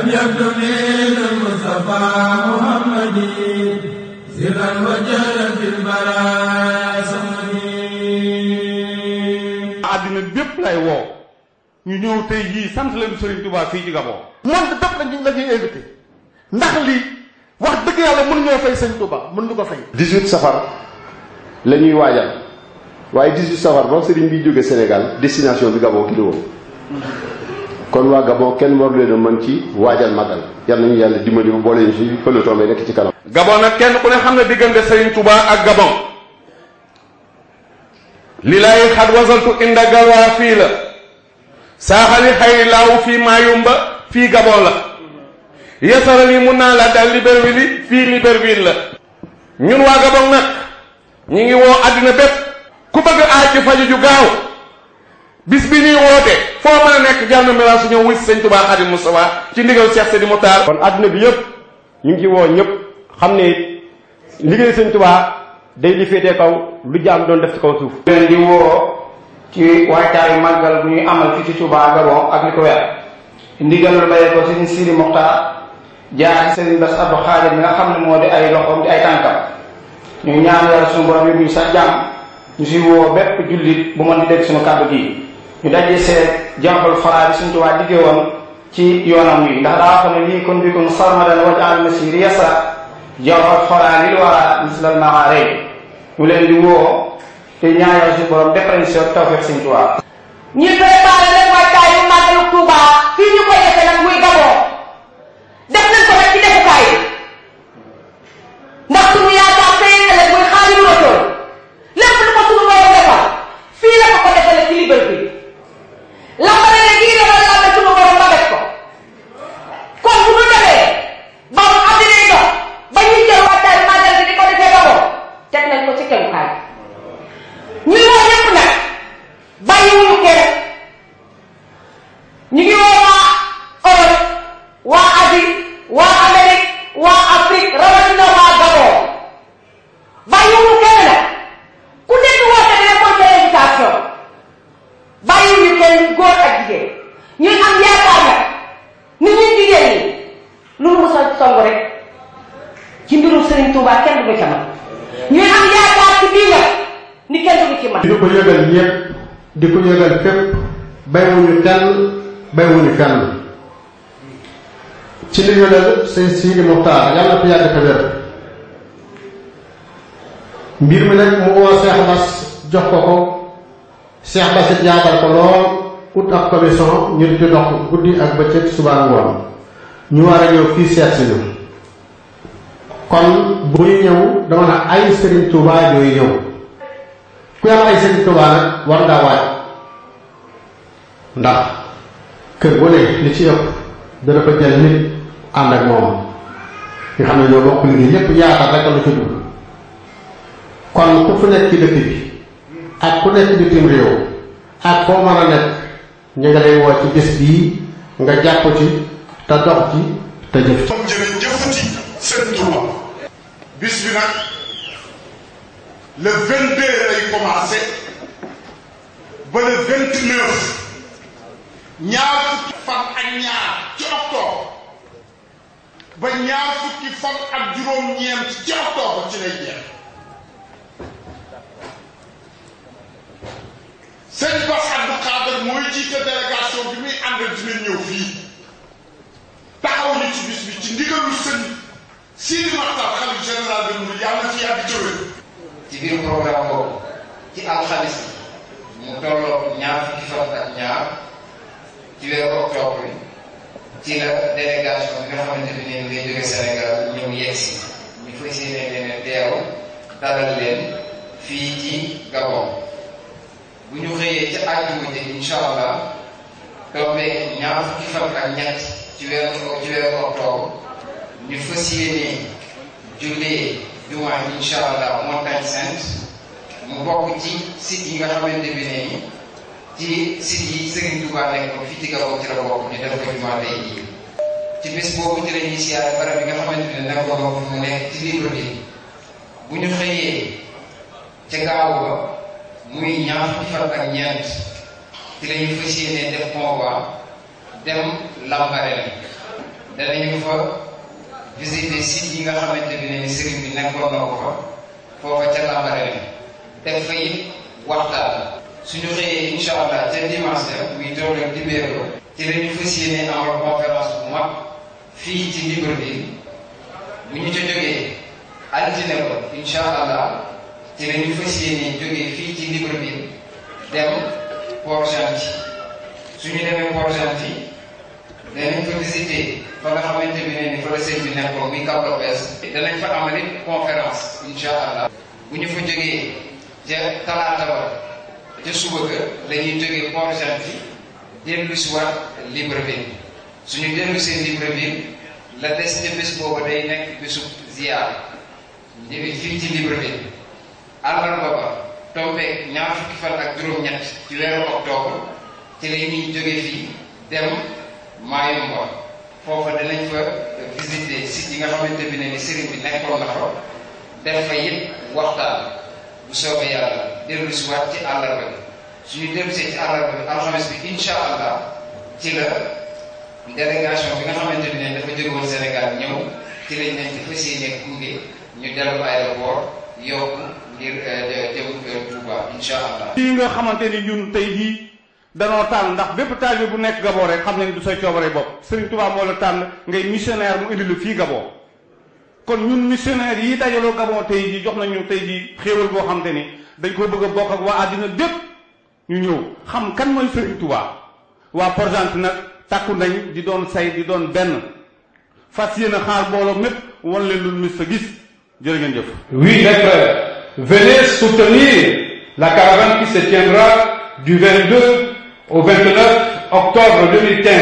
لم يبد من المصطفى محمد سرا وجل sant leen Serigne Touba fii ci ndax lii wax dëgg yàlla mën ñoo fay Serigne Touba mën ñu ko fay. 18 safar la ñuy waajal waaye 18 safar ba Serigne bi jóge Sénégal destination bi Gabon ki la woon. kon waa Gabon kenn war mën ci waajal magal yal nañu yàlla dimbali ba boole ñu ci peloton bi nekk ci kanam. Gabon nag kenn ku ne xam ne diggante Serigne Touba ak Gabon li lay xat wasaltu inda galwaa fii la saaxali xay laaw fii Mayumba fii Gabon la yasarali mun naa la daal Libreville fii Libreville la. ñun waa Gabon nag ñu ngi woo àddina bépp ku bëgg aaj ci faju ju gaaw bis bi nii woote a nekk jar na mélage ñëw wuy kon adduna bi yëpp ñu ngi ci woo ñëpp xam ne liggéey sëñ Tuubaa day li féetee kaw lu jaam doon def ci kaw suuf leen di woo ci waajtaayu màggal ñuy amal fii ci Touba Gabon ak li ko weer ndigal lu bàyyee ko sëñ Sidi Muxtaar jaar ci sëriñ Bass Abdou Khadim mi nga xam ne moo di ay loxoom di ay tànkam ñu ñaan yàlla suñu borom yi ñu sax jàmm ñu si woo bépp jullit bu mën di dégg suñu kàddu gi ñu dajee seet jàmbal faraa bi suñ tubaa diggee woon ci yoonam wi ndax daa xam ne lii kon bi kon sarmadan wajal masiri yasa jawfal xoraa lil wara mislal maarey ñu leen di borom def nañ seen tawfeex suñ tubaa ñi préparé leen waajtaayu màggalu Tuubaa fii ci mbirum Serigne Touba kenn du ci man ñuy am yaakaar ci bii nga ni kenn du ci man di ko yëgal ñëpp di ko yëgal fépp baywuñu kenn baywuñu kenn ci li yëgal sëñ Sidi Mokhtar yàlla na ko yàgg wér mbir mi nag mu woo Cheikh Bass jox ko ko Cheikh Bass it yaatal ko lool ut ak commission ñu di dox guddi ak bëccëg subaa ngoon ñu war a ñëw fii seet si kon bu ñëw dama na ay Serigne Touba yooyu ñëw ku am ay Serigne Touba nag war ngaa waaj ndax kër bu ne li ci yëpp dana fa jël nit ànd ak moom nga xam ne ñoo bokk liggéey ñëpp yaakaar rek la ci dugg kon ku fu nekk ci dëkk bi ak ku nekk bitim réew ak foo mën a nekk ñu nga lay woo ci bés bii nga jàpp ci te dox ci te jëf ci bis bi nag le 22 lay commencé ba le 29 ñaar fukki fan ak ñaar ci octobre ba ñaar fukki fan ak juróom-ñeent ci octobre ci lay jeex sëñ Bass Abdou Khadre mooy jiite délégation bi muy àndal dina ñëw fii taxaw ñu ci bis bi ci ndigalu sëñ Sidi Maxtaar xalif général de Mouride yàlla na fi yàgg ci wér. ci biir programme boobu ci alxamis mu tolloo ñaar fukki fan ak ñaar ci weeru octobre ci la délégation bi nga xamante ne nii ngay jóge Sénégal ñëw yegg si ñu fay séenee ne teew dalal leen fii ci Gabon bu ñu xëyee ca àjjuma ji incha allah tombee ñaar fukki fan ak ñett ci ci weeru octobre. ñu fas yéene jullee jumaa incha allah montagne sainte mu bokk ci site yi nga xamante bi ne la danañu fa. visité site yi nga xamante ne sëriñ bi nekkoon na ko fa foofa ca Lambaréné def fa waxtaan. suñu xëyee incha allah ca dimanche muy toog ak dibéero ci la ñu fas yéene amal conférence bu mag fii ci Libreville bu ñu ca jógee altine ko incha allah ci la ñu fas yéene jógee fii ci Libreville dem Port-Gentil suñu demee Port-Gentil danañ fa fa nga xamante bi ne ni fa la sëñ bi muy Cap-Lopez danañ fa amal it conférence allah bu ñu fa jógee ja talaata ba ca suba ga la ñuy jógee Port-Gentil dellu si waat Libreville suñu dellu seen Libreville la des ca bés boobu day nekk bésu ziar fii ci Libreville àllarba ba tombe ñaar fukki fan ak juróom-ñett ci weeru octobre ci la ñuy fii dem Mayumba e foofa dinañ fa visiter site yi nga xamante bi ne ni sëriñ bi nekkoon na fa def fa it waxtaan bu soobee yàlla dellu si waat ci àllarba bi suñu dellu see ci àllarba bi alxames bi incha allah ci la délégation bi nga xamante bi ne dafa jógoon Sénégal ñëw ci lañ nañ ci fas yéene ñu dellu aéroport yokku ngir euh, jëm euh, Touba incha allah. fii nga xamante ni ñun tey jii. danoo tànn ndax bépp taalibe bu nekk Gabon rek xam nañ du say coobare bopp Serigne Touba moo la tànn ngay missionnaire mu indi lu fii Gabon kon ñun missionnaire yi dajaloo Gabon tey jii jox nañu tey jii xéewal boo xam te ni dañ koo bëgg a bokk ak waa àddina bépp ñu ñëw xam kan mooy Serigne Touba waa Porgente nag takku nañ di doon say di doon benn fas yéene xaar mbooloo mépp wan leen lu mis sa gis jërë ngeen jëf. Oui, mes frères, venez au 29 octobre 2015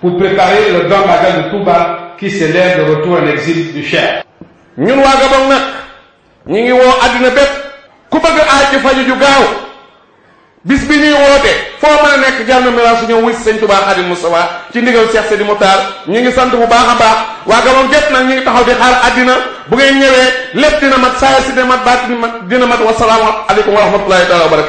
pour préparer le grand magal de Touba qui célèbre le retour en exil du Cheikh. ñun waa Gabon nag ñu ngi woo àddina bépp ku bëgg aaj ci faju ju gaaw bis bi ñuy woote foo mën a nekk jar na su ñëw wuy sëñ Touba Xadim Moustapha ci ndigal Cheikh Sidi Moutar ñu ngi sant bu baax a baax waa Gabon gépp nag ñu ngi taxaw di xaar addina bu ngay ñëwee lépp dina mat saa si dina mat baat dina mat wasalaamu aleykum wa rahmatullahi taala wa barakatu